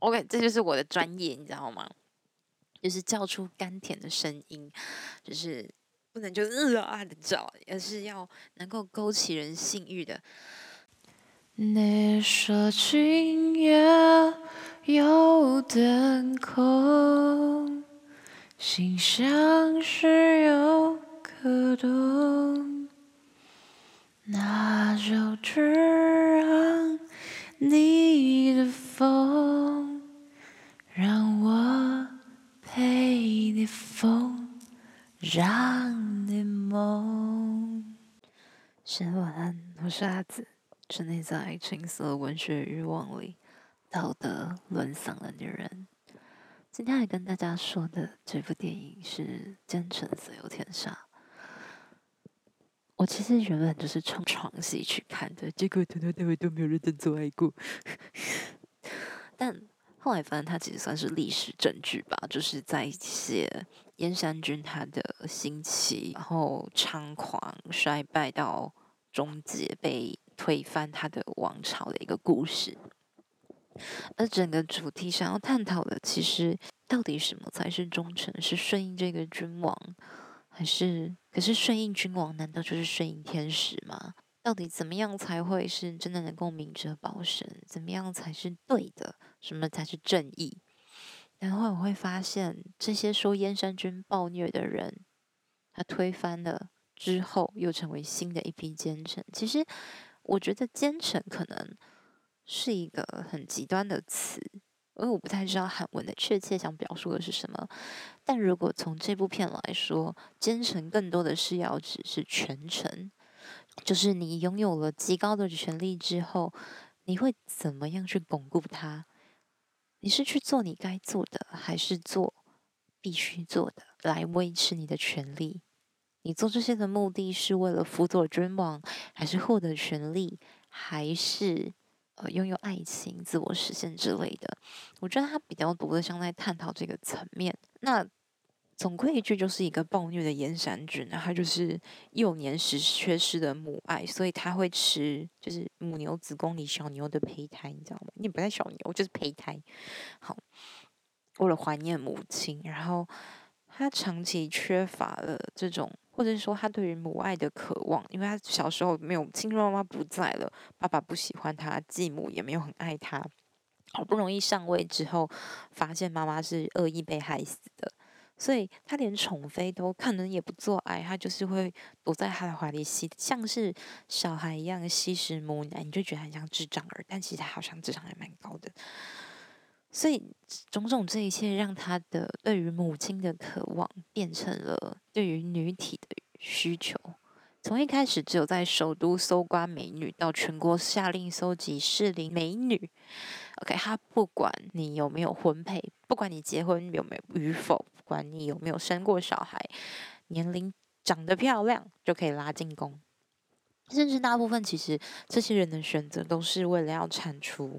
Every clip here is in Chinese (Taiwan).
OK，這就是我的專業，你知道嗎？就是叫出甘甜的聲音，就是不能就熱辣的叫，而是要能夠勾起人性欲的。你說今夜有點空，心想是有個洞，那就只讓你的風。讓讓我陪你瘋，讓你夢先晚安，我是阿梓，沉溺在情色文學欲望裡道德淪喪的女人。今天要跟大家說的這部電影是《奸臣：色誘天下》。我其實原本就是衝床戲去看的，結果頭頭尾尾都沒有認真做愛過， 但。後來發現，他其實算是歷史證據吧，就是在寫燕山君他的興起，然後猖狂衰敗到終結，被推翻他的王朝的一個故事。而整個主題想要探討的，其實到底什麼才是忠誠？是順應這個君王，還是可是順應君王？難道就是順應天時嗎？到底怎麼樣才會是真的能夠明哲保身？怎麼樣才是對的？什麼才是正義？然後我會發現，這些說燕山君暴虐的人，他推翻了之後，又成為新的一批奸臣。其實，我覺得“奸臣”可能是一個很極端的詞，因為我不太知道韓文的確切想表述的是什麼。但如果從這部片來說，“奸臣”更多的是要指是權臣，就是你擁有了極高的權力之後，你會怎麼樣去鞏固它？你是去做你該做的，還是做必須做的，來維持你的權利？你做這些的目的是為了輔佐君王，還是獲得權利，還是呃擁有愛情、自我實現之類的？我覺得他比較多的像在探討這個層面。那。總歸一句，就是一個暴虐的燕山君，然後，他就是幼年時缺失的母愛，所以他會吃，就是母牛子宮裡小牛的胚胎，你知道嗎？你也不帶小牛，就是胚胎。好，為了懷念母親，然後他長期缺乏了這種，或者是說他對於母愛的渴望，因為他小時候沒有，親生媽媽不在了，爸爸不喜歡他，繼母也沒有很愛他，好不容易上位之後，發現媽媽是惡意被害死的。所以他連寵妃都可能也不做愛，他就是會躲在他的懷裡吸，像是小孩一樣吸食母奶，你就覺得很像智障兒，但其實他好像智商還蠻高的。所以種種這一切，讓他的對於母親的渴望變成了對於女體的需求。從一開始只有在首都搜刮美女，到全國下令搜集適齡美女，OK，他不管你有沒有婚配，不管你結婚有沒有與否，不管你有沒有生過小孩，年齡長得漂亮就可以拉進宮。甚至大部分其實這些人的選擇都是為了要鏟除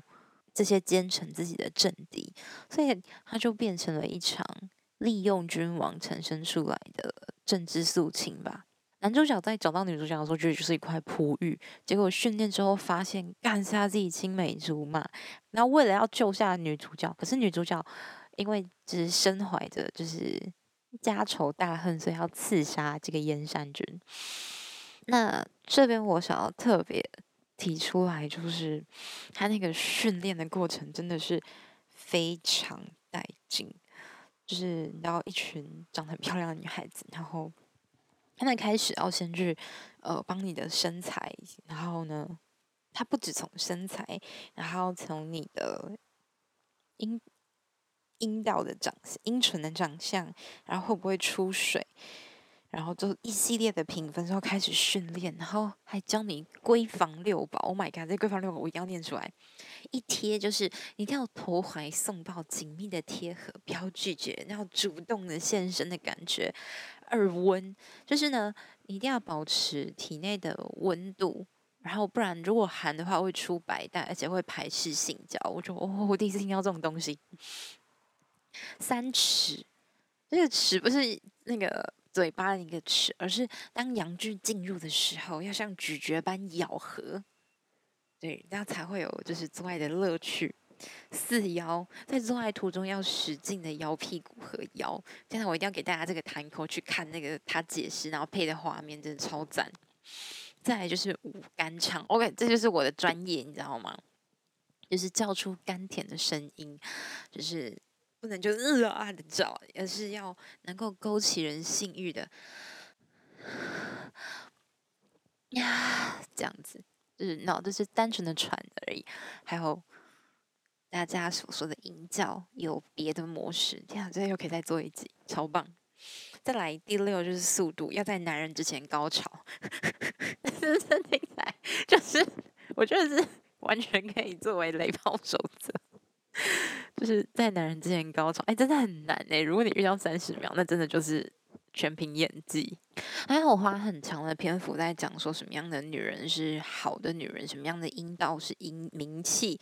這些奸臣自己的政敵，所以他就變成了一場利用君王產生出來的政治肅清吧。男主角在找到女主角的時候，覺得就是一塊璞玉。結果訓練之後發現，幹殺自己青梅竹馬。然後為了要救下女主角，可是女主角因為只是身懷着就是家仇大恨，所以要刺殺這個燕山君。那這邊我想要特別提出來，就是他那個訓練的過程真的是非常帶勁，就是你知道一群長得很漂亮的女孩子，然後。他們開始要先去，呃，幫你的身材，然後呢，他不止從身材，然後從你的陰陰道的長相、陰唇的長相，然後會不會出水。然後做一系列的評分，然後開始訓練，然後還教你閨房六寶。Oh my god！這閨房六寶我一定要念出來。一貼就是一定要投懷送抱，緊密的貼合，不要拒絕，要主動的獻身的感覺。二溫就是呢，你一定要保持體內的溫度，然後不然如果寒的話會出白帶，而且會排斥性交。我就哦，我第一次聽到這種東西。三尺，這個尺不是那個。嘴巴的一個齒，而是當陽具進入的時候，要像咀嚼般咬合，對，這樣才會有就是做愛的樂趣。四搖，在做愛途中要使勁的搖屁股和腰。現在我一定要給大家這個 time code 去看那個他解釋，然後配的畫面真的超贊。再來就是五甘唱，OK，這就是我的專業，你知道嗎？就是叫出甘甜的聲音，就是。不能就日愛、呃啊啊、的叫，而是要能夠勾起人性欲的呀，這樣子，就是然、no, 就是單純的喘而已。還有大家所說的營造有別的模式，這樣子又可以再做一集，超棒！再來第六就是速度，要在男人之前高潮， 就是我覺得是完全可以作為雷炮守則。 就是在男人之前高潮，哎、欸，真的很難哎、欸。如果你遇到三十秒，那真的就是全憑演技。還有我花很長的篇幅在講說什麼樣的女人是好的女人，什麼樣的陰道是陰名氣。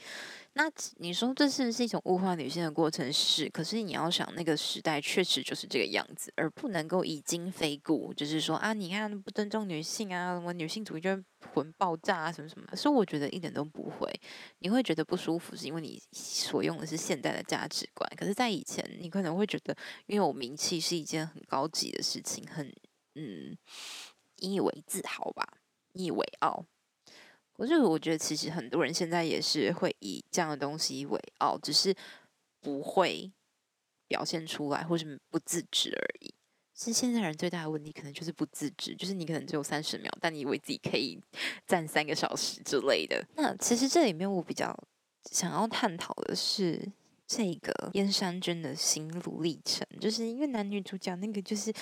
那你說這是是一種物化女性的過程？是。可是你要想，那個時代確實就是這個樣子，而不能夠以今非古。就是說啊，你看不尊重女性啊，什麼女性主義就會魂爆炸啊，什麼什麼。所以我覺得一點都不會。你會覺得不舒服，是因為你所用的是現代的價值觀。可是，在以前，你可能會覺得，因為我名氣是一件很高級的事情，很。嗯，引以為自豪吧，引以為傲。我就我覺得，其實很多人現在也是會以這樣的東西為傲，只是不會表現出來，或是不自知而已。是現在人最大的問題，可能就是不自知，就是你可能只有三十秒，但你以為自己可以站三個小時之類的。那其實這裡面我比較想要探討的是這個燕山君的心路歷程，就是因為男女主角那個就是。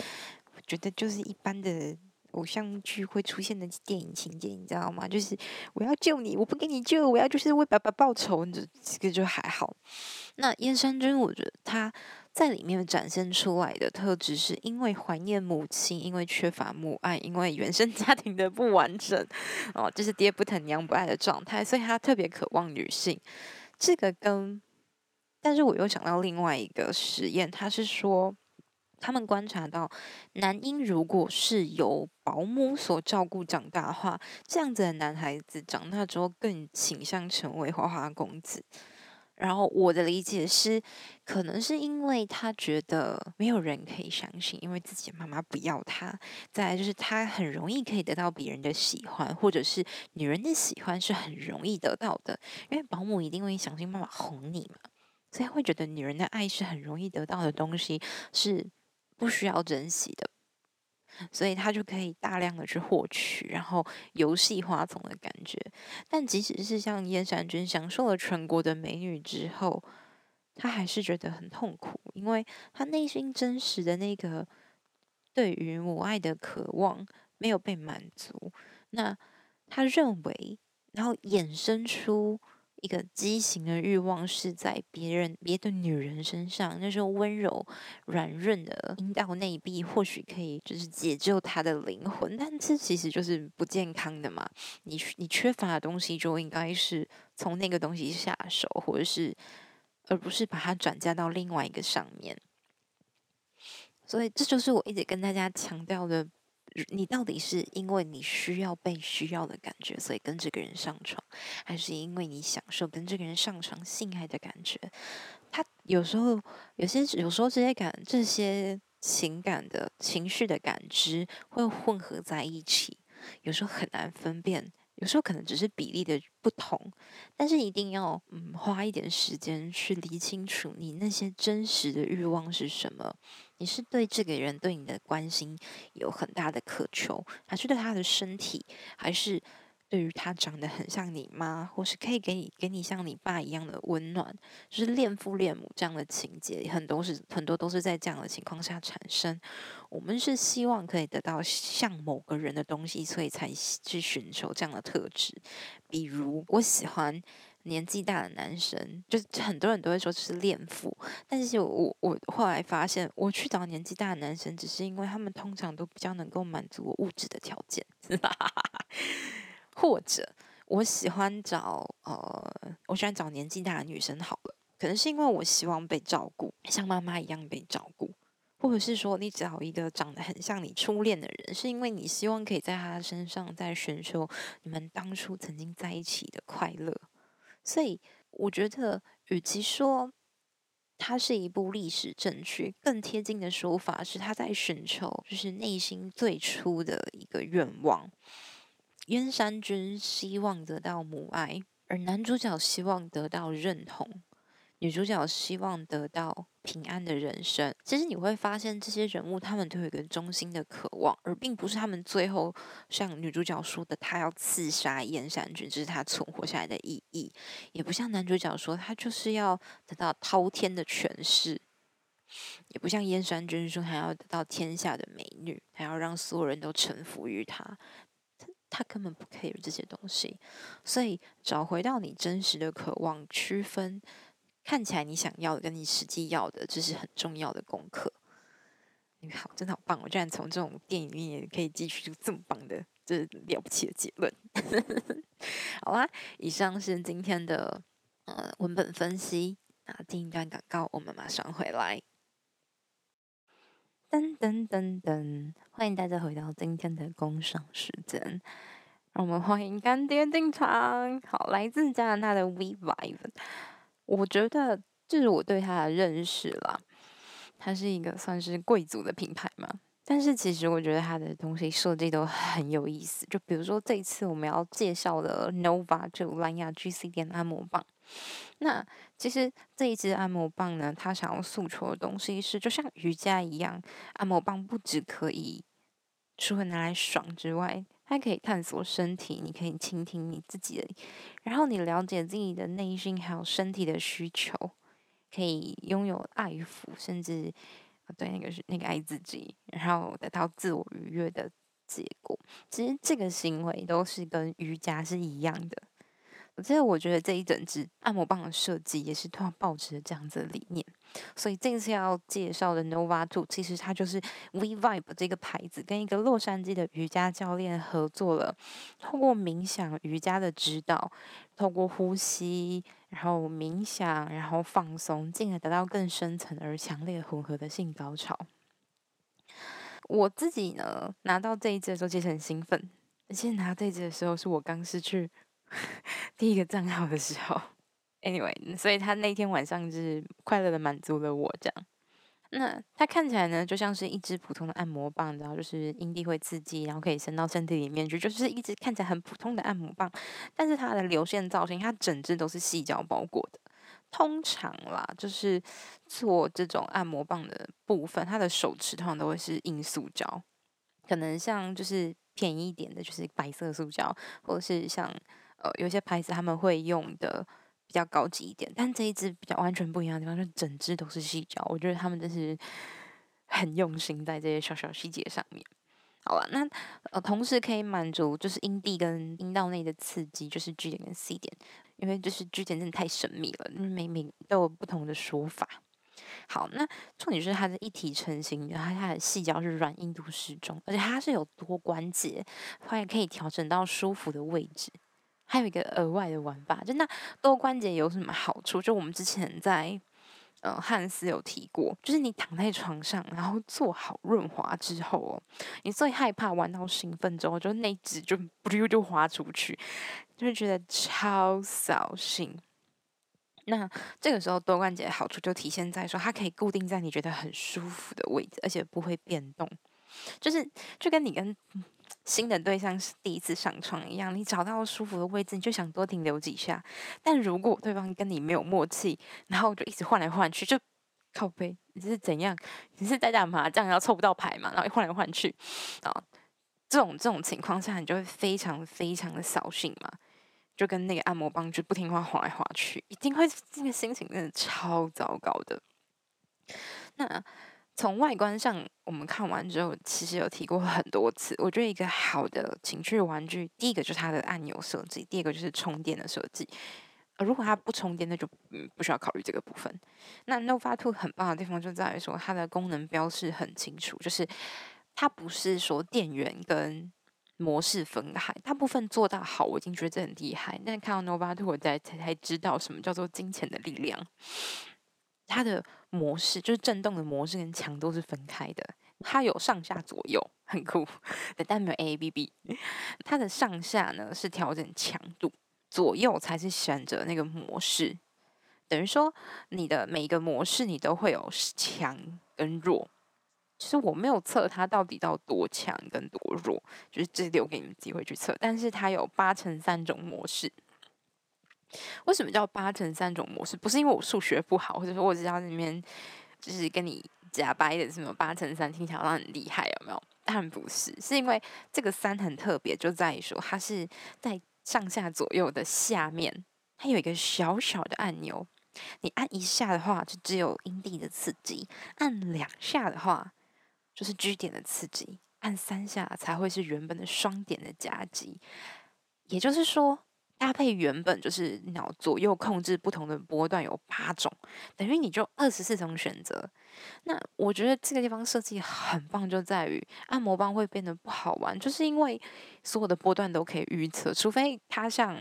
覺得就是一般的偶像劇會出現的電影情節，你知道嗎？就是我要救你，我不給你救，我要就是為爸爸報仇。你這個就還好。那燕山君，我覺得他在裡面展現出來的特質，是因為懷念母親，因為缺乏母愛，因為原生家庭的不完整，哦，就是爹不疼娘不愛的狀態，所以他特別渴望女性。這個跟……但是我又想到另外一個實驗，他是說。他們觀察到，男嬰如果是由保姆所照顧長大的話，這樣子的男孩子長大之後更傾向成為花花公子。然後我的理解是，可能是因為他覺得沒有人可以相信，因為自己的媽媽不要他。再來就是他很容易可以得到別人的喜歡，或者是女人的喜歡是很容易得到的，因為保姆一定會想盡辦法哄你嘛，所以他會覺得女人的愛是很容易得到的東西是。不需要珍惜的，所以他就可以大量的去獲取，然後遊戲花叢的感覺。但即使是像燕山君享受了全國的美女之後，他還是覺得很痛苦，因為他內心真實的那個對於母愛的渴望沒有被滿足。那他認為，然後衍生出。一個畸形的慾望是在別人別的女人身上，那時候溫柔軟潤的陰道內壁或許可以就是解救他的靈魂，但這其實就是不健康的嘛。你你缺乏的東西就應該是從那個東西下手，或者是而不是把它轉嫁到另外一個上面。所以這就是我一直跟大家強調的，你到底是因為你需要被需要的感覺，所以跟這個人上床，還是因為你享受跟這個人上床性愛的感覺？他有時候有些，有時候這些感這些情感的情緒的感知會混合在一起，有時候很難分辨，有時候可能只是比例的不同，但是一定要嗯花一點時間去理清楚你那些真實的欲望是什麼。你是對這個人對你的關心有很大的渴求，還是對他的身體，還是對於他長得很像你媽，或是可以給你給你像你爸一樣的溫暖，就是戀父戀母這樣的情節，很多是很多都是在這樣的情況下產生。我們是希望可以得到像某個人的東西，所以才去尋求這樣的特質，比如我喜歡。年紀大的男生，就是很多人都會說是戀父。但是我，我我後來發現，我去找年紀大的男生，只是因為他們通常都比較能夠滿足我物質的條件。 或者，我喜歡找呃，我喜歡找年紀大的女生好了，可能是因為我希望被照顧，像媽媽一樣被照顧。或者是說，你找一個長得很像你初戀的人，是因為你希望可以在他身上再尋求你們當初曾經在一起的快樂。所以我覺得，與其說它是一部歷史正劇，更貼近的說法是，他在尋求就是內心最初的一個願望。燕山君希望得到母愛，而男主角希望得到認同。女主角希望得到平安的人生。其實你會發現，這些人物他們都有一個中心的渴望，而並不是他們最後像女主角說的，她要刺殺燕山君，這是她存活下來的意義；也不像男主角說，他就是要得到滔天的權勢；也不像燕山君說，他要得到天下的美女，還要讓所有人都臣服於他。他，他根本不 care 這些東西。所以，找回到你真實的渴望，區分。看起來你想要的跟你實際要的，這是很重要的功課。你好，真的好棒！我居然從這種電影裡面也可以提取出這麼棒的，這了不起的結論。 好啦，以上是今天的呃文本分析。那、啊、第一段廣告，我們馬上回來。噔噔噔噔，歡迎大家回到今天的工商時間。讓我們歡迎乾爹進場。好，來自加拿大的 We-Vibe 我覺得這、就是我對它的認識啦，它是一個算是貴族的品牌嘛。但是其實我覺得它的東西設計都很有意思，就比如說這一次我們要介紹的 Nova 就藍牙 G C 點按摩棒。那其實這一支按摩棒呢，它想要訴求的東西是，就像瑜伽一樣，按摩棒不止可以除了拿來爽之外。它可以探索身體，你可以傾聽你自己的，然後你了解自己的內心，還有身體的需求，可以擁有愛撫，甚至對那個是那個愛自己，然後得到自我愉悅的結果。其實這個行為都是跟瑜伽是一樣的。所以，我覺得這一整支按摩棒的設計也是通過抱持這樣子的理念，所以這次要介紹的 Nova Two，其實它就是 WeVibe 這個牌子跟一個洛杉磯的瑜伽教練合作了，透過冥想瑜伽的指導，透過呼吸，然後冥想，然後放鬆，進而得到更深層而強烈混合的性高潮。我自己呢，拿到這一支的時候其實很興奮，而且拿到這一支的時候是我剛失去。第一個賬號的時候，anyway，所以他那天晚上就是快樂的滿足了我這樣。那它看起來呢，就像是一支普通的按摩棒，然後就是陰蒂會刺激，然後可以伸到身體裡面去，就是一支看起來很普通的按摩棒。但是它的流線造型，它整支都是矽膠包裹的。通常啦，就是做這種按摩棒的部分，它的手持通常都會是硬塑膠，可能像就是便宜一點的，就是白色塑膠，或者是像。呃，有些牌子，他們會用的比較高級一點，但這一支比較完全不一樣的地方，就整支都是細膠。我覺得他們真是很用心在這些小小細節上面。好了，那呃，同時可以滿足就是陰蒂跟陰道內的刺激，就是 G 點跟 C 點，因為就是 G 點真的太神秘了，每每都有不同的說法。好，那重點就是它的一體成型，然後它的細膠是軟硬度適中，而且它是有多關節，它也可以調整到舒服的位置。還有一個額外的玩法，就那多關節有什麼好處？就我們之前在呃漢斯有提過，就是你躺在床上，然後做好潤滑之後哦，你最害怕玩到興奮之後，就那指就不溜就滑出去，就會覺得超掃興。那這個時候多關節的好處就體現在說，它可以固定在你覺得很舒服的位置，而且不會變動，就是就跟你跟。新的對象是第一次上床一樣，你找到舒服的位置，你就想多停留幾下。但如果對方跟你沒有默契，然後就一直換來換去，就靠北，你是怎樣？你是在打麻將然後抽不到牌嘛？然後換來換去，啊，這種這種情況下，你就會非常非常的掃興嘛。就跟那個按摩棒就不聽話，滑來滑去，一定會這個心情真的超糟糕的。那。從外觀上，我們看完之後，其實有提過很多次。我覺得一個好的情趣玩具，第一個就是它的按鈕設計，第二個就是充電的設計。如果它不充電，那就不需要考慮這個部分。那 Nova Two 很棒的地方就在於說，它的功能標示很清楚，就是它不是說電源跟模式分開，大部分做到好，我已經覺得這很厲害。但看到 Nova Two，我才才知道什麼叫做金錢的力量。它的模式就是震動的模式跟強度是分開的，它有上下左右，很酷，但沒有 A A B B。它的上下呢，是調整強度，左右才是選擇那個模式。等於說，你的每一個模式你都會有強跟弱。其實，就是我沒有測它到底到多強跟多弱，就是這裡我給你們機會去測。但是它有八乘三種模式。為什麼叫八乘三種模式？不是因為我數學不好，或者說我只要裡面就是跟你假掰的什麼八乘三，聽起來好像很厲害，有沒有？但不是，是因為這個三很特別，就在於說它是在上下左右的下面，它有一個小小的按鈕，你按一下的話就只有陰蒂的刺激，按兩下的話就是 G 點的刺激，按三下才會是原本的雙點的夾擊。也就是說。搭配原本就是腦左右控制不同的波段有八種，等於你就二十四種選擇。那我覺得這個地方設計很棒，就在於按摩棒會變得不好玩，就是因為所有的波段都可以預測，除非它像。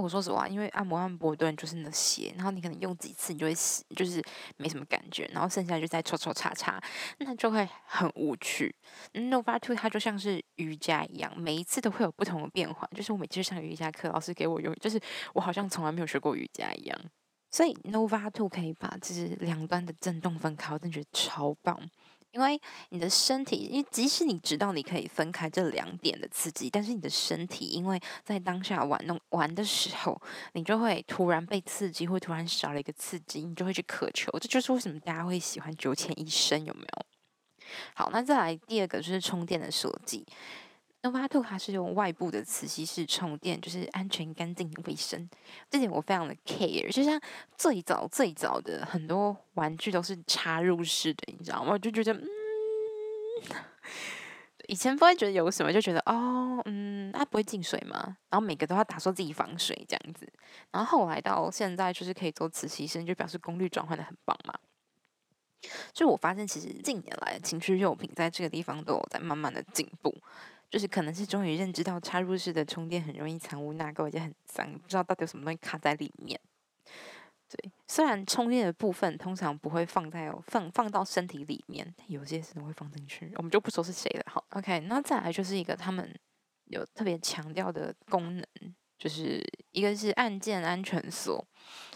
我說實話，因為按摩按摩我段就是那些，然後你可能用幾次你就會就是沒什麼感覺，然後剩下就再搓搓擦擦，那就會很無趣。Nova 2它就像是瑜伽一樣，每一次都會有不同的變化。就是我每次上瑜伽課，老師給我用，就是我好像從來沒有學過瑜伽一樣。所以 Nova 2可以把這兩端的震動分開，我真的覺得超棒。因為你的身體，因，即使你知道你可以分開這兩點的刺激，但是你的身體，因為在當下玩弄玩的時候，你就會突然被刺激，或突然少了一個刺激，你就會去渴求。這就是為什麼大家會喜歡九淺一深，有沒有？好，那再來第二個就是充電的設計。Nova 2它是用外部的磁吸式充電，就是安全、乾淨、衛生，這點我非常的 care。就像最早最早的很多玩具都是插入式的，你知道嗎？我就覺得，嗯，以前不會覺得有什麼，就覺得哦，嗯，它不會進水嘛。然後每個都要打說自己防水這樣子。然後後來到現在，就是可以做磁吸式，就表示功率轉換的很棒嘛。就我發現，其實近年來情趣用品在這個地方都有在慢慢的進步。就是可能是終於認知到插入式的充電很容易藏污納垢，而且很髒，不知道到底有什麼東西卡在裡面。對，雖然充電的部分通常不會放在放放到身體裡面，但有些時候會放進去，我們就不說是誰了。好，OK，那再來就是一個他們有特別強調的功能，就是一個是按鍵安全鎖。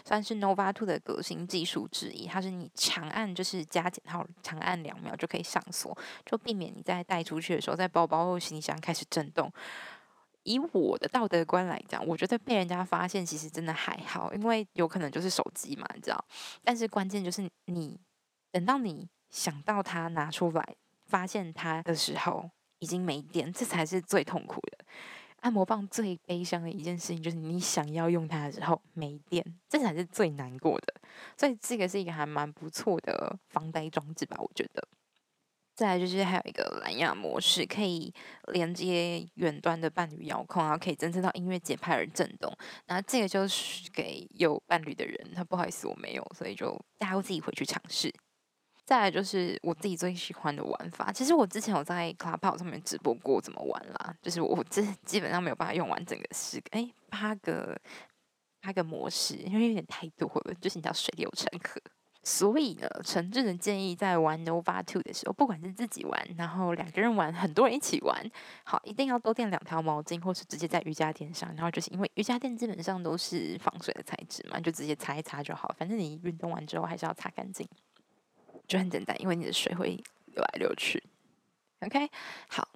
算是 Nova 2的革新技術之一，它是你長按就是加減號，長按兩秒就可以上鎖，就避免你在帶出去的時候，在包包或行李箱開始震動。以我的道德觀來講，我覺得被人家發現其實真的還好，因為有可能就是手機嘛，你知道。但是關鍵就是你等到你想到它拿出來發現它的時候已經沒電，這才是最痛苦的。按摩棒最悲傷的一件事情就是你想要用它的時候沒電，這才是最難過的。所以這個是一個還蠻不錯的防呆裝置吧，我覺得。再來就是還有一個藍牙模式，可以連接遠端的伴侶遙控，然後可以偵測到音樂節拍而震動。然後這個就是給有伴侶的人，他不好意思我沒有，所以就大家會自己回去嘗試。再來就是我自己最喜歡的玩法。其實我之前有在 Clubhouse 上面直播過怎麼玩啦，就是我，我這基本上沒有辦法用完整個十個，欸、八個八個模式，因為有點太多了。就是你知道水流成河。所以呢，誠摯的建議在玩 Nova 2的時候，不管是自己玩，然後兩個人玩，很多人一起玩，好，一定要多墊兩條毛巾，或是直接在瑜伽墊上。然後就是因為瑜伽墊基本上都是防水的材質嘛，就直接擦一擦就好。反正你運動完之後還是要擦乾淨。就很簡單，因為你的水會流來流去。OK，好，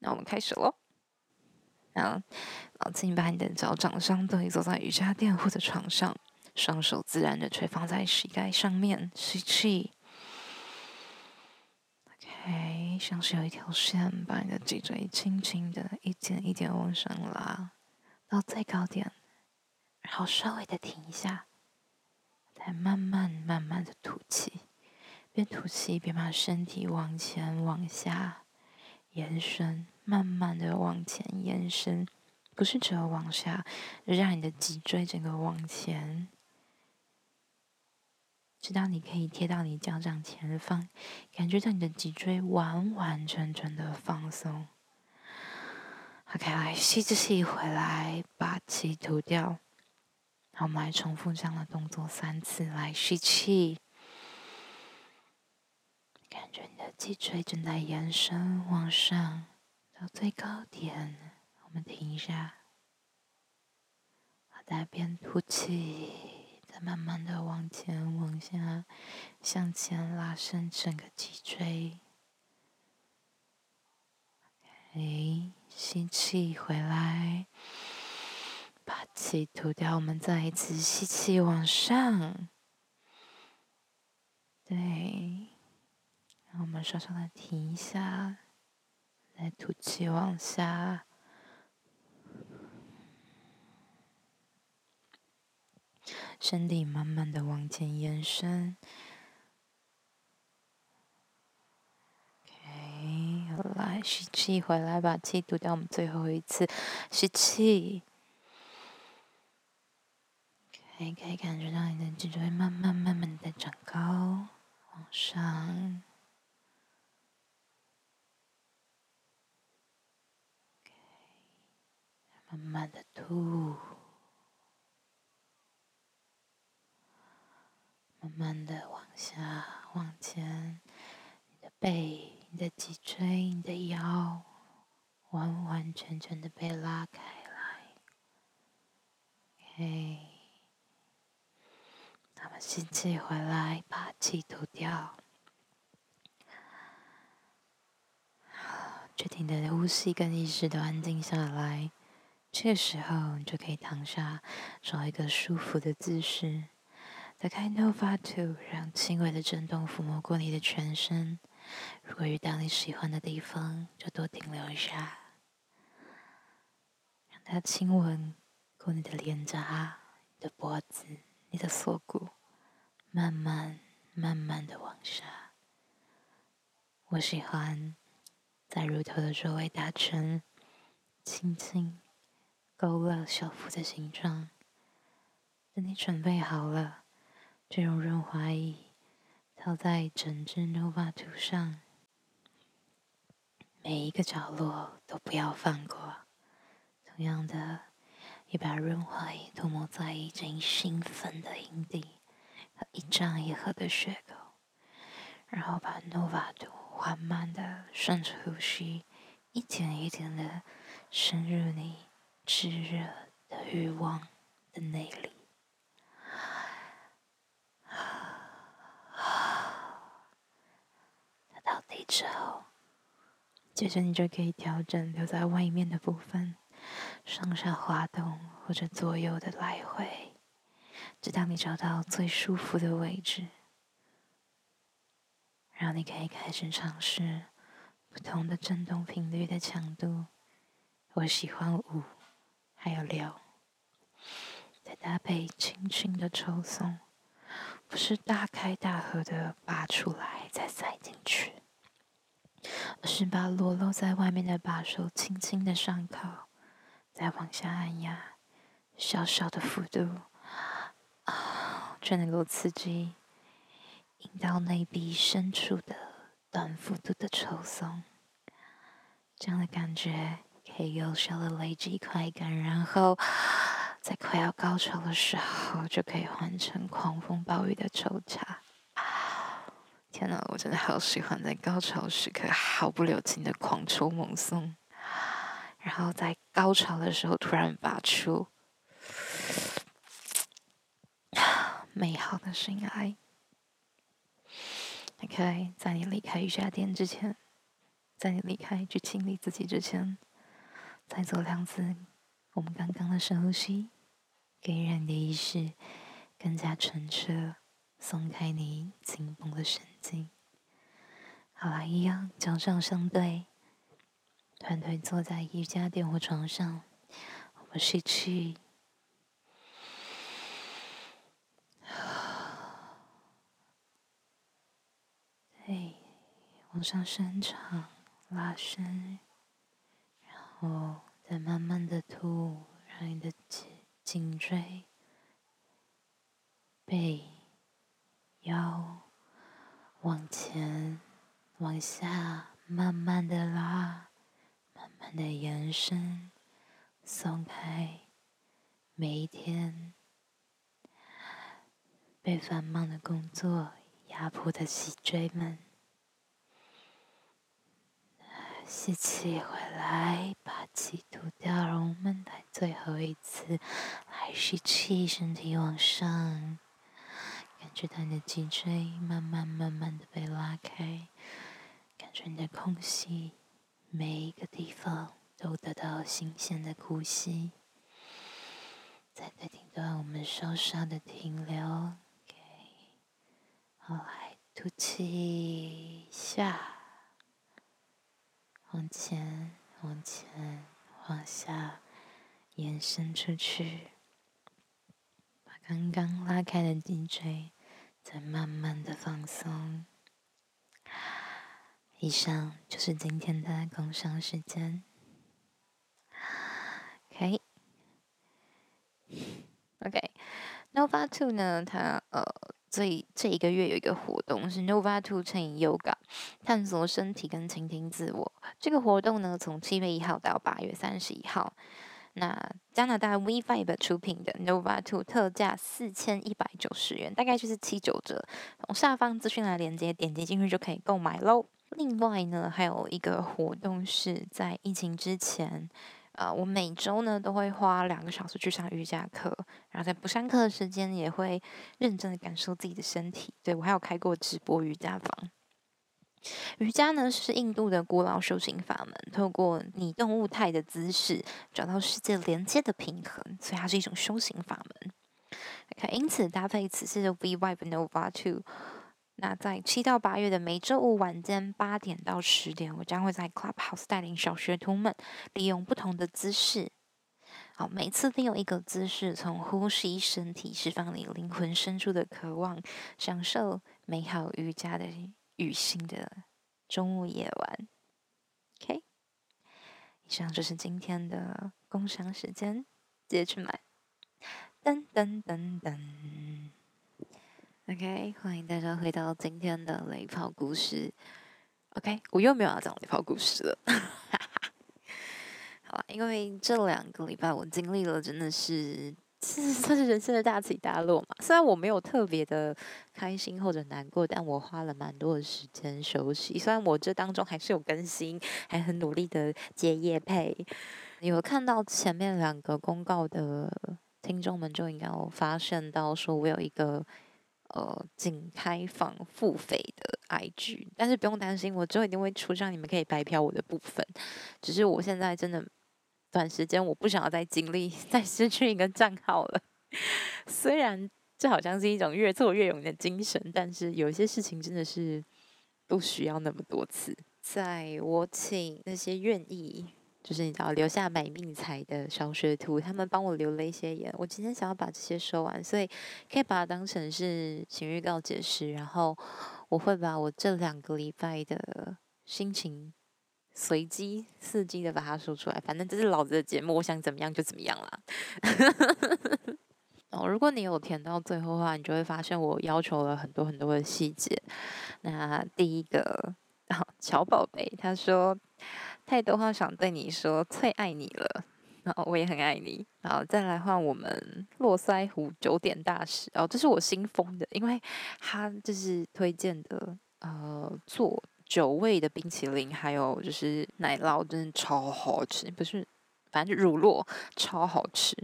那我們開始嘍。啊，請你把你的腳掌相對，坐在瑜伽墊或者床上，雙手自然的垂放在膝蓋上面，吸氣。OK，像是有一條線把你的脊椎輕輕的一點一點往上拉到最高點，然後稍微的停一下，再慢慢慢慢的吐氣。邊吐氣，邊把身體往前往下延伸，慢慢的往前延伸，不是只有往下，讓你的脊椎整個往前，直到你可以貼到你腳掌前方，感覺到你的脊椎完完全全的放鬆。OK，來吸氣回來，把氣吐掉，然後我們來重複這樣的動作三次，來吸氣。感覺你的脊椎正在延伸往上到最高點，我們停一下。好，再邊吐氣，再慢慢的往前、往下、向前拉伸整個脊椎。誒、okay，吸氣回來，把氣吐掉，我們再一次吸氣，往上。對。稍稍的停一下，來吐氣，往下，身體慢慢的往前延伸。Okay, 好，來，吸氣，回來，把氣吐掉。我們最後一次，吸氣。Okay, 可以可以感覺到你的脊椎慢慢慢慢的長高，往上。慢慢的吐，慢慢的往下往前，你的背、你的脊椎、你的腰，完完全全的被拉開來。嘿、okay，那麼吸氣回來，把氣吐掉，確定的呼吸跟意識都安靜下來。這個時候，你就可以躺下，找一個舒服的姿勢，打開 Nova 2，讓輕微的震動撫摸過你的全身。如果遇到你喜歡的地方，就多停留一下，讓它親吻過你的臉頰、你的脖子、你的鎖骨，慢慢、慢慢的往下。我喜歡在乳頭的周圍打圈，輕輕。勾勒小腹的形狀。等你準備好了，就用潤滑液套在整隻 Nova 2上，每一個角落都不要放過。同樣的，也把潤滑液塗抹在已經興奮的陰蒂和一張一合的穴口，然後把 Nova 2緩慢的順着呼吸，一點一點的深入你。炙熱的慾望的內力，到、到底之後，接着你就可以調整留在外面的部分，上下滑動或者左右的來回，直到你找到最舒服的位置。然後你可以開始嘗試不同的震動頻率的強度，我喜歡五。還有料，再搭配輕輕的抽送，不是大開大合的拔出來再塞進去，而是把裸露在外面的把手輕輕的上靠，再往下按壓，小小的幅度，啊，卻能夠刺激陰道內壁深處的短幅度的抽送，這樣的感覺。可以有效的累積快感，然後在快要高潮的時候，就可以換成狂風暴雨的抽插。天哪，我真的好喜歡在高潮時刻毫不留情的狂抽猛送，然後在高潮的時候突然拔出，美好的醒來。OK，在你離開瑜伽墊之前，在你離開去清理自己之前。再做兩次我們剛剛的深呼吸，可以讓你的意識更加澄澈，鬆開你緊繃的神經。好啦，一樣腳掌相對，盤腿坐在瑜伽墊或床上，我們吸氣，對，往上伸長，拉伸。哦、oh，再慢慢的吐，讓你的頸頸椎、背、腰往前、往下慢慢的拉，慢慢的延伸，鬆開。每一天被繁忙的工作壓迫的脊椎們。吸氣回來，把氣吐掉，讓我們來最後一次，來吸氣，身體往上，感覺到你的脊椎慢慢慢慢的被拉開，感覺你的空隙，每一個地方都得到新鮮的呼吸，在最頂端我們稍稍的停留，給、OK，好來，來吐氣下。往前，往前，往下延伸出去，把剛剛拉開的頸椎再慢慢的放鬆。以上就是今天的工商時間。OK，OK，Nova Two 呢？它呃。Oh. 所以這一個月有一個活動是 Nova Two 乘以 Yoga 探索身體跟傾聽自我。這個活動呢，從七月一號到八月三十一號。那加拿大 We-Vibe 出品的 Nova Two 特價四千一百九十元，大概就是七九折。從下方資訊來連接，點擊進去就可以購買嘍。另外呢，還有一個活動是在疫情之前。啊、呃，我每週呢都會花兩個小時去上瑜伽課，然後在不上課的時間也會認真的感受自己的身體。對我還有開過直播瑜伽房。瑜伽呢是印度的古老修行法門，透過擬動物態的姿勢，找到世界連接的平衡，所以它是一種修行法門。看，因此搭配此次的 We-Vibe Nova 2那在七到八月的每周五晚間八點到十點，我將會在 Clubhouse 帶領小學徒們，利用不同的姿勢，好，每次利用一個姿勢，從呼吸、身體釋放你靈魂深處的渴望，享受美好瑜伽的與性的中午夜晚。OK，以上就是今天的工商時間，接着去買。噔噔噔噔。OK，歡迎大家回到今天的雷炮故事。OK，我又沒有要講雷炮故事了， 好啊，因為這兩個禮拜我經歷了真的是算是人生的大起大落嘛。雖然我沒有特別的開心或者難過，但我花了蠻多的時間休息。雖然我這當中還是有更新，還很努力的接業配。有看到前面兩個公告的聽眾們就應該有發現到，說我有一個。呃，僅開放付費的 IG，但是不用擔心，我之後一定會出讓你們可以白嫖我的部分。只是我現在真的短時間我不想要再經歷再失去一個賬號了。雖然這好像是一種越挫越勇的精神，但是有一些事情真的是不需要那麼多次。在我請那些願意。就是你要留下買命財的小學徒，他們幫我留了一些言，我今天想要把這些說完，所以可以把它當成是前預告解釋。然後我會把我這兩個禮拜的心情，隨機、隨機的把它說出來。反正這是老子的節目，我想怎麼樣就怎麼樣啦。 哦，如果你有聽到最後的話，你就會發現我要求了很多很多的細節。那第一個，喬寶貝他說。太多話想對你說，最愛你了，然後, oh, 我也很愛你。好，再來換我們絡腮鬍九點大師哦，oh, 這是我新封的，因為他就是推薦的，呃，做酒味的冰淇淋，還有就是奶酪，真的超好吃，不是，反正就乳酪超好吃。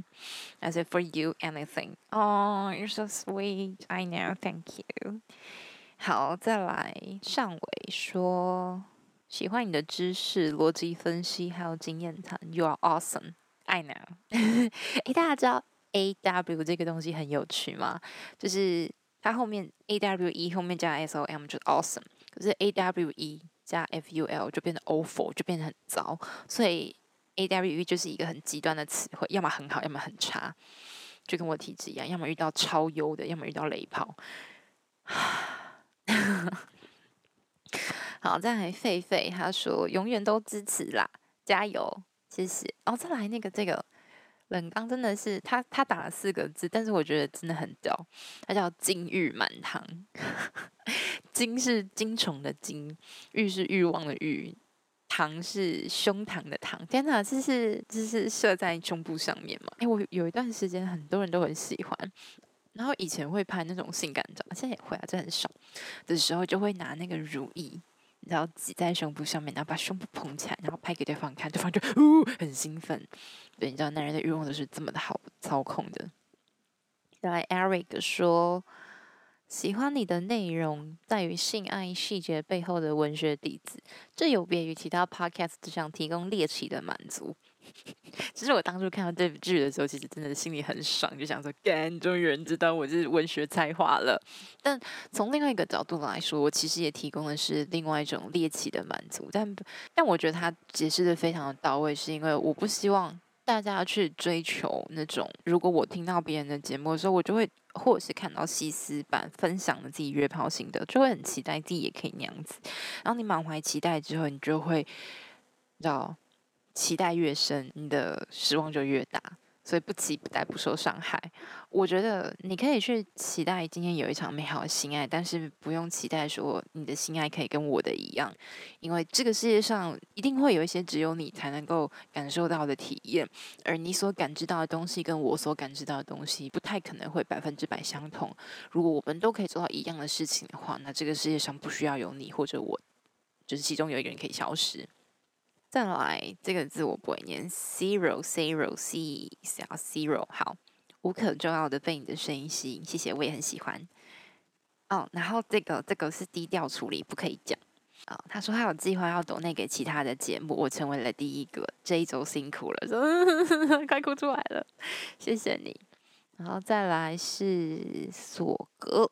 As if for you anything, oh, you're so sweet. I know, thank you. 好，再來上尾說。喜歡你的知識、邏輯分析還有經驗談，You are awesome. I know. 哎、 欸，大家知道 A W 這個東西很有趣嗎？就是它後面 A W E 後面加 S O M 就 awesome，可是 A W E 加 F U L 就變得 awful，就變得很糟。所以 A W E 就是一個很極端的詞彙，要麼很好，要麼很差。就跟我體質一樣，要麼遇到超優的，要麼遇到雷炮。 好，再來狒狒，他說永遠都支持啦，加油，謝謝。哦，再來那個這個冷剛真的是他，他打了四個字，但是我覺得真的很屌，他叫金玉滿堂。 金是精蟲的精，玉是欲望的欲，堂是胸膛的堂。天吶，這是這是射在胸部上面嘛？誒、欸，我有一段時間很多人都很喜歡，然後以前會拍那種性感照，現在也會啊，這很少的時候就會拿那個如意。然後擠在胸部上面，然後把胸部捧起來，然後拍給對方看，對方就嗚、呃、很興奮。對，你知道男人的欲望都是這麼的好操控的。然後 Eric 說，喜歡你的內容在於性愛細節背後的文學底子，這有別於其他 podcast 只想提供獵奇的滿足。 其實我當初看到這部劇的時候，其實真的心裡很爽，就想說，幹，終於有人知道我是文學才華了。但從另外一個角度來說，我其實也提供的是另外一種獵奇的滿足。但但我覺得他解釋得非常的到位，是因為我不希望大家去追求那種，如果我聽到別人的節目的時候，我就會，或者是看到西斯版分享了自己約炮心得，就會很期待自己也可以那樣子。然後你滿懷期待之後，你就會你知道。期待越深，你的失望就越大。所以不期待，不受傷害。我覺得你可以去期待今天有一場美好的性愛，但是不用期待說你的性愛可以跟我的一樣，因為這個世界上一定會有一些只有你才能夠感受到的體驗，而你所感知到的東西跟我所感知到的東西不太可能會百分之百相同。如果我們都可以做到一樣的事情的話，那這個世界上不需要有你或者我，就是其中有一個人可以消失。再來這個字我不會念 zero zero c 小 zero 好，無可重要的被你的聲音吸引，謝謝，我也很喜歡。哦，然後這個這個是低調處理，不可以講。啊、哦，他說他有計劃要抖那個其他的節目，我成為了第一個，這一周辛苦了呵呵呵，快哭出來了，謝謝你。然後再來是索格，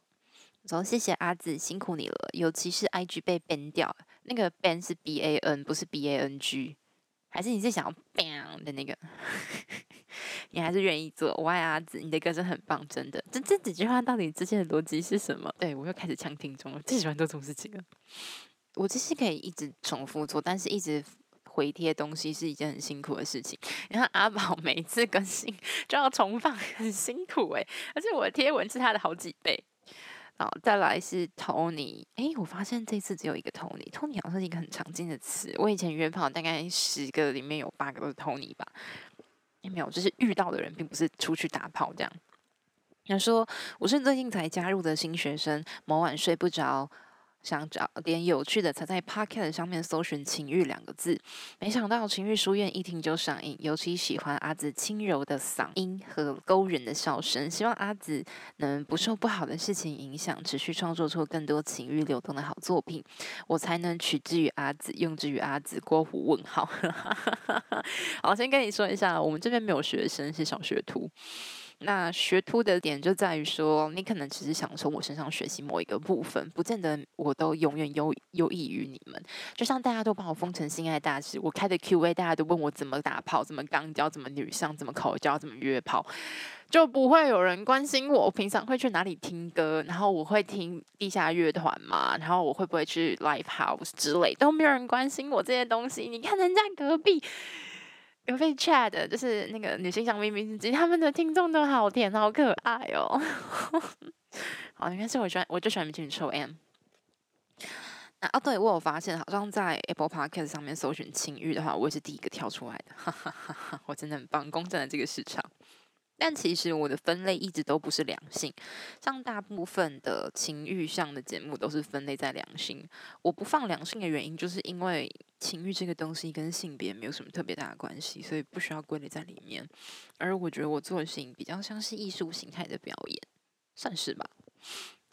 說謝謝阿梓，辛苦你了，尤其是 IG 被 ban 掉。那個 ban 是 b a n 不是 b a n g，還是你是想要 bang 的那個？ 你還是願意做？我愛阿梓，你的歌聲很棒，真的。這這幾句話到底之間的邏輯是什麼？對我又開始搶聽眾了，最喜歡做這種事情了。 我其實可以一直重複做，但是一直回貼東西是一件很辛苦的事情。然後阿寶每次更新就要重放，很辛苦誒、欸。而且我的貼文是他的好幾倍。好，再來是 Tony。誒，我發現這次只有一個 Tony，Tony 好像是一個很常見的詞，我以前約炮大概十個裡面有八個都是 Tony 吧，誒沒有，就是遇到的人並不是出去打炮這樣。他說我是最近才加入的新學生，某晚睡不着。想找點有趣的，才在 Podcast 上面搜尋“情慾”兩個字，沒想到《情慾書院》一聽就上癮。尤其喜歡阿梓輕柔的嗓音和勾人的笑聲。希望阿梓能不受不好的事情影響，持續創作出更多情慾流動的好作品，我才能取之於阿梓，用之於阿梓。括弧問號。 好，先跟你說一下，我們這邊沒有學生，是小學徒。那學徒的點就在於說，你可能只是想從我身上學習某一個部分，不見得我都永遠優優異於你們。就像大家都把我封成性愛大師，我開的 Q A，大家都問我怎麼打炮、怎麼肛交、怎麼女上、怎麼口交、怎麼約炮，就不會有人關心我，我平常會去哪裡聽歌，然後我會聽地下樂團嘛，然後我會不會去 live house 之類，都沒有人關心我這些東西。你看人家隔壁。有被 chat 的就是那個女性向秘密基地，他們的聽眾都好甜，好可愛哦。 好，應該是我喜歡，我就喜歡《迷情女囚 M》那。啊，對，我有發現，好像在 Apple Podcast 上面搜尋情慾的話，我也是第一個跳出來的。哈哈哈哈，我真的很棒，攻占了這個市場。但其實我的分類一直都不是兩性，像大部分的情欲上的節目都是分類在兩性。我不放兩性的原因，就是因為情欲這個東西跟性別沒有什麼特別大的關係，所以不需要歸類在裡面。而我覺得我做的事情比較像是藝術形態的表演，算是吧。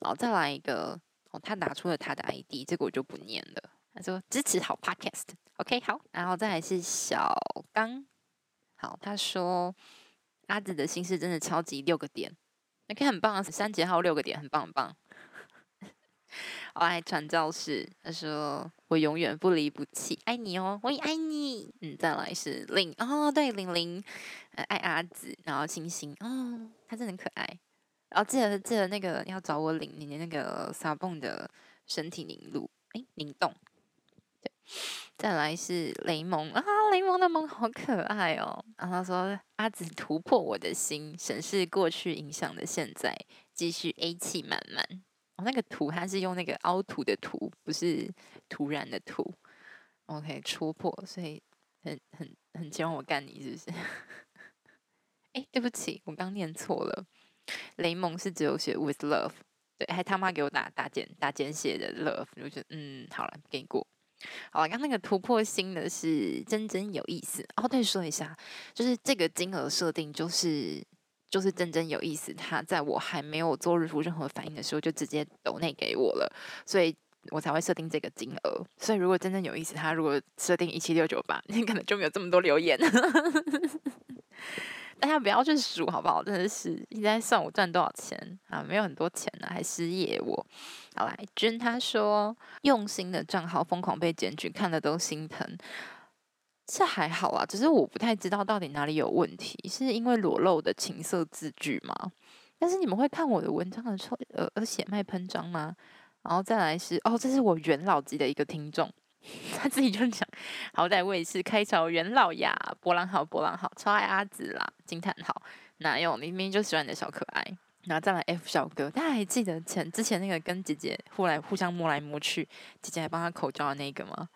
好，再來一個，哦，他拿出了他的 ID，這個我就不念了。他說支持好 Podcast，OK，、okay, 好。然後再來是小剛，好，他說。阿紫的心事真的超級六個點，那可以很棒，三節有六個點，很棒很棒。我 愛傳教士，他說我永遠不離不棄，愛你哦，我也愛你。嗯，再來是玲哦，對，玲玲、呃，愛阿紫，然後星星哦，他真的很可愛。然、哦、後記得記得那個要找我領你的那個 Sabon 的身體凝露，哎、欸，靈動，對。再來是雷蒙啊，雷蒙的蒙好可愛哦、喔。然後他說：“阿梓突破我的心，審視過去影響的現在，繼續 A 氣滿滿。”哦，那個凸他是用那個凹凸的凸，不是突然的突。OK，戳破，所以很很很希望我幹你，是不是？哎、 欸，對不起，我剛念錯了。雷蒙是只有寫 with love，對，還他媽給我打打簡打簡寫的 love，我就覺得嗯好啦，給你過。好啦，剛那個突破性的是真正有意思然後、哦，再說一下，就是這個金額設定，就是，就是就是真正有意思。他在我還沒有做日任何反應的時候，就直接抖內給我了，所以我才會設定這個金額。所以如果真正有意思，他如果設定一七六九八，你可能就沒有這麼多留言。 大家不要去數好不好？真的是一直在算我賺多少錢啊？沒有很多錢呢，還失業我。好來捐，君他說用心的賬號瘋狂被檢舉，看了都心疼。這還好啊，只是我不太知道到底哪裡有問題，是因為裸露的情色字句嗎？但是你們會看我的文章的時候，呃，血脈噴張嗎？然後再來是哦，這是我元老級的一個聽眾。 他自己就講，好歹我也是開朝元老呀，波浪號，波浪號，超愛阿梓啦，驚嘆號，哪有，明明就喜歡你的小可愛，然後再來 F 小哥，大家還記得前之前那個跟姐姐互來互相摸來摸去，姐姐還幫他口罩的那個嗎？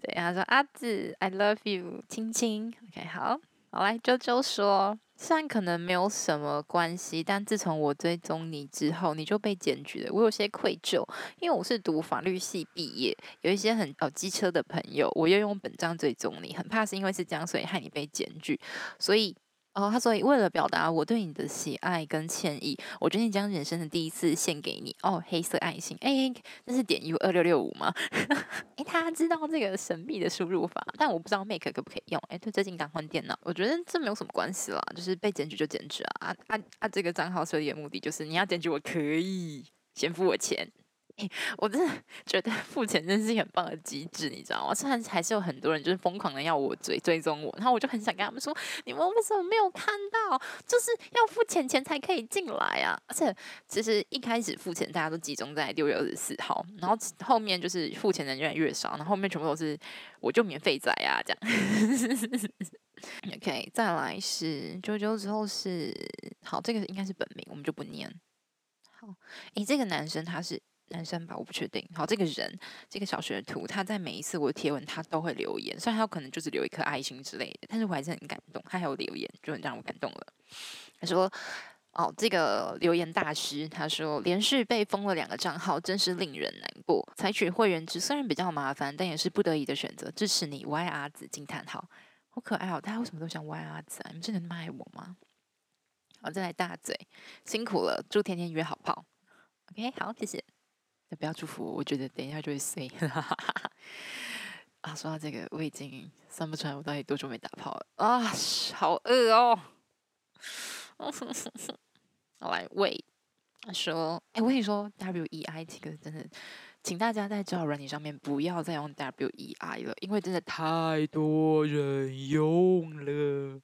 對，他說阿梓，I love you，親親，OK，好。好來，啾啾說，雖然可能沒有什麼關係，但自從我追蹤你之後，你就被檢舉了。我有些愧疚，因為我是讀法律系畢業，有一些很搞、哦、機車的朋友，我又用本帳追蹤你，很怕是因為是這樣，所以害你被檢舉，所以。然後他說：“為了表達我對你的喜愛跟歉意，我決定將人生的第一次獻給你哦，oh, 黑色愛心。誒”哎，那是點 u 二六六五嗎？哎， 他知道這個神秘的輸入法，但我不知道 Mac 可不可以用。哎，對，最近剛換電腦，我覺得這沒有什麼關係啦，就是被檢舉就檢舉啊！啊啊啊！這個賬號設立的目的就是你要檢舉，我可以先付我錢。欸，我真的覺得付錢真是很棒的機制，你知道嗎？雖然還是有很多人就是瘋狂的要我追追蹤我，然後我就很想跟他們說，你們為什麼沒有看到？就是要付錢錢才可以進來啊！而且其實一開始付錢大家都集中在六月二十四號，然後後面就是付錢的人越來越少，然後後面全部都是我就免費載啊這樣。 OK，再來是啾啾之後是好，這個應該是本名，我們就不念。好，哎，欸，這個男生他是。男生吧，我不確定。好，這個人這個小學徒，他在每一次我的貼文，他都會留言，雖然他可能就只留一顆愛心之類的，但是我還是很感動。他還有留言，就很讓我感動了。他說：“哦，這個留言大師，他說連續被封了兩個賬號，真是令人難過。採取會員制雖然比較麻煩，但也是不得已的選擇。支持你，yr 阿梓驚嘆號，好可愛哦！大家為什麼都想 y 阿梓啊？你們真的那麼愛我嗎？”好，再來大嘴，辛苦了，祝天天約好炮。OK，好，謝謝。不要祝福我，我覺得等一下就會碎。 啊，說到這個，我已經算不出來我到底多久沒打炮了啊，好餓哦。我 來喂，說，哎、欸，我跟你說、欸、說，W E I 這個真的，請大家在交友軟體上面不要再用 W E I 了，因為真的太多人用了，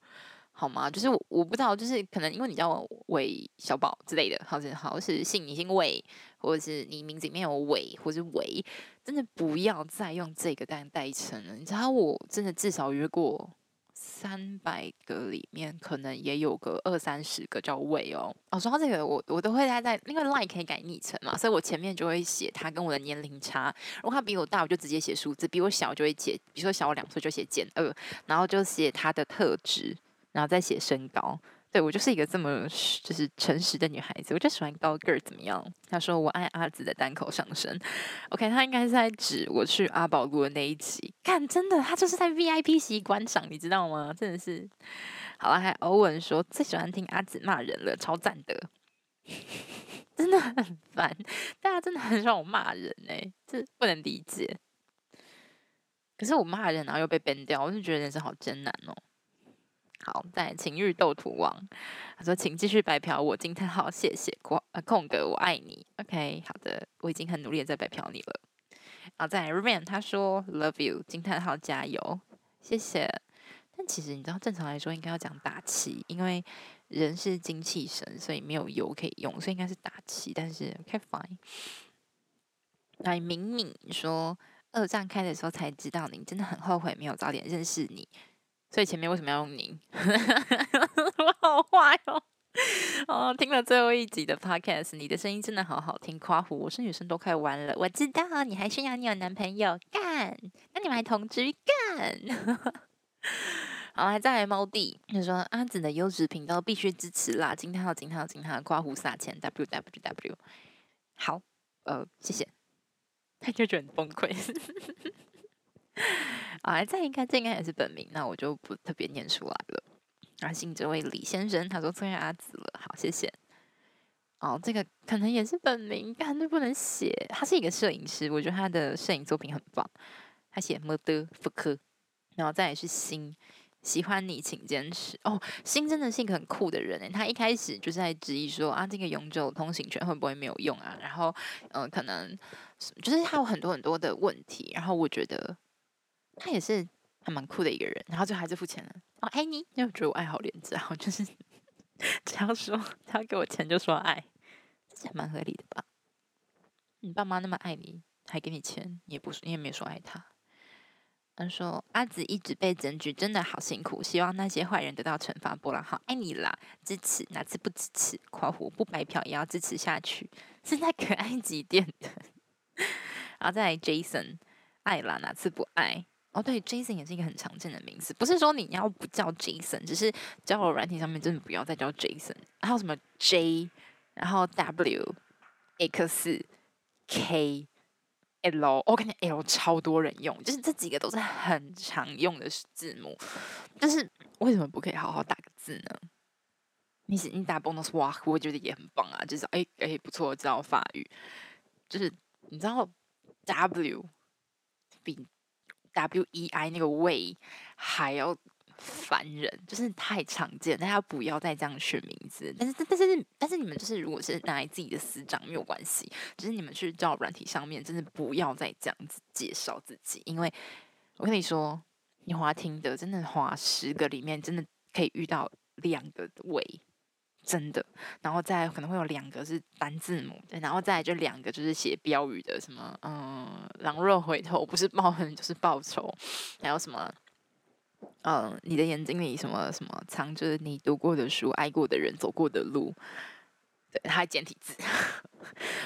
好嗎？就是我我不知道，就是可能因為你叫我喂，小寶之類的，好是好是姓已經韋。或者是你名字裡面有偉或者維，真的不要再用這個當昵稱了。你知道我真的至少約過三百個，裡面可能也有個二三十個叫偉哦。哦，說到這個，我我都會在在，因為 line 可以改昵稱嘛，所以我前面就會寫他跟我的年齡差。如果他比我大，我就直接寫數字；比我小，就會寫，比如說小我兩歲就寫減二，然後就寫他的特質，然後再寫身高。對，我就是一個這麼就是誠實的女孩子，我就喜歡高個兒怎麼樣？他說我愛阿梓的單口相聲，OK，他應該是在指我去阿寶路的那一期。看，真的，他就是在 VIP 席觀賞，你知道嗎？真的是。好了，還歐文說最喜歡聽阿梓罵人了，超讚的， 真的很煩，大家真的很喜歡我罵人哎、欸，這不能理解。可是我罵人，然後又被 ban 掉，我就覺得人生好艱難哦。好，再來情欲鬥圖王，他說請繼續白嫖我，驚嘆號謝謝空，呃空格我愛你，OK 好的，我已經很努力的在白嫖你了。然後再來 r a n 他說 Love you，驚嘆號加油，謝謝。但其實你知道，正常來說應該要講打氣，因為人是精氣神，所以沒有油可以用，所以應該是打氣。但是可以，okay, fine。來敏敏說二戰開的時候才知道你，你真的很後悔沒有早點認識你。所以前面為什麼要用你？ 我好壞哦！哦，聽了最後一集的 podcast，你的聲音真的好好聽，誇胡，我是女生都快完了。我知道你還是要你有男朋友，幹，那你們還同居幹？然後還在 M O D。你說阿梓、啊、的優質頻道必須支持啦！今天要，今天要，今天，誇胡撒錢，w w w。好，呃，謝謝。他就覺得很崩潰。 啊，這應該這應該也是本名，那我就不特別念出來了。啊，姓這位李先生，他說中意阿梓了，好謝謝。哦，這個可能也是本名，但是不能寫。他是一個攝影師，我覺得他的攝影作品很棒。他寫摩的福克，然後再來是新喜歡你，請堅持。哦，新真的是一個很酷的人誒、欸，他一開始就是在質疑說啊，這個永久通行權會不會沒有用啊？然後，嗯、呃，可能就是他有很多很多的問題，然後我覺得。他也是還蠻酷的一個人，然後最後還是付錢了。哦，愛你，又覺得我愛好面子啊，就是只要說他給我錢就說愛，這是還蠻合理的吧？你爸媽那麼愛你，還給你錢，你也不是你也沒有說愛他。他說阿梓一直被檢舉，真的好辛苦，希望那些壞人得到懲罰。波浪號愛你啦，支持哪次不支持？誇虎不白嫖也要支持下去，現在可愛極點的。 然後再來 Jason，愛啦，哪次不愛？哦，對，Jason 也是一個很常見的名字，不是說你要不叫 Jason，只是交友軟件上面真的不要再叫 Jason。還有什麼 J，然後 W，X，K，L，我、哦、感覺 L 超多人用，就是這幾個都是很常用的字母。但是為什麼不可以好好打個字呢？你是你打 Bonjour，哇，我覺得也很棒啊，就是哎哎、欸欸、不錯，知道法語，就是你知道 W 比。W E I 那個 way 還要煩人，就是太常見，大家不要再這樣取名字。但是，但是，但是，你們就是如果是拿來自己的私章沒有關係，只、就是你們去找軟體上面，真的不要再這樣子介紹自己，因為我跟你說，你滑聽的真的滑十個裡面真的可以遇到兩個 way。真的，然後再可能會有兩個是單字母，然後再就兩個就是寫標語的，什麼嗯、呃，狼若回頭不是報恩就是報仇，還有什麼嗯、呃，你的眼睛裡什麼什麼藏着你讀過的書、愛過的人、走過的路，對，還簡體字，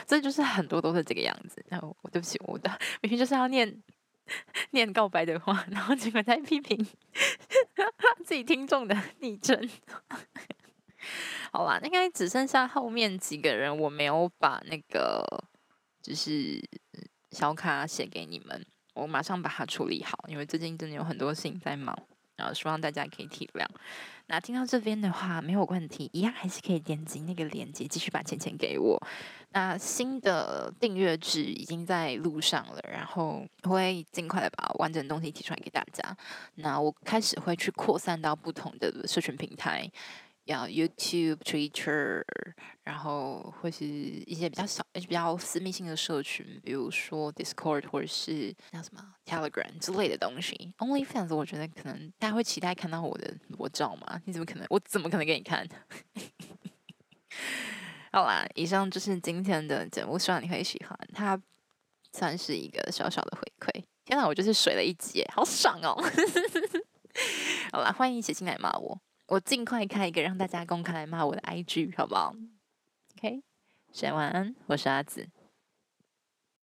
這 就是很多都是這個樣子。然後，我對不起，我的明明就是要念念告白的話，然後結果在批評自己聽眾的昵稱。好啦，那應該只剩下後面幾個人，我沒有把那個就是小卡寫給你們，我馬上把它處理好，因為最近真的有很多事情在忙，然後希望大家可以體諒。那聽到這邊的話沒有問題，一樣還是可以點擊那個鏈接繼續把錢錢給我。那新的訂閱制已經在路上了，然後我會盡快的把完整的東西提出來給大家。那我開始會去擴散到不同的社群平台。要、yeah, YouTube、Twitter 然後或是一些比較小、也是比較私密性的社群，比如說 Discord 或者是那什麼 Telegram 之類的東西。OnlyFans 我覺得可能大家會期待看到我的裸照嘛？你怎麼可能？我怎麼可能給你看？ 好啦，以上就是今天的節目，希望你會喜歡。它算是一個小小的回饋。天吶，我就是水了一集，好爽哦！ 好啦，歡迎一起進來罵我。我盡快開一個讓大家公開來罵我的 IG，好不好？OK，所以晚安，我是阿梓。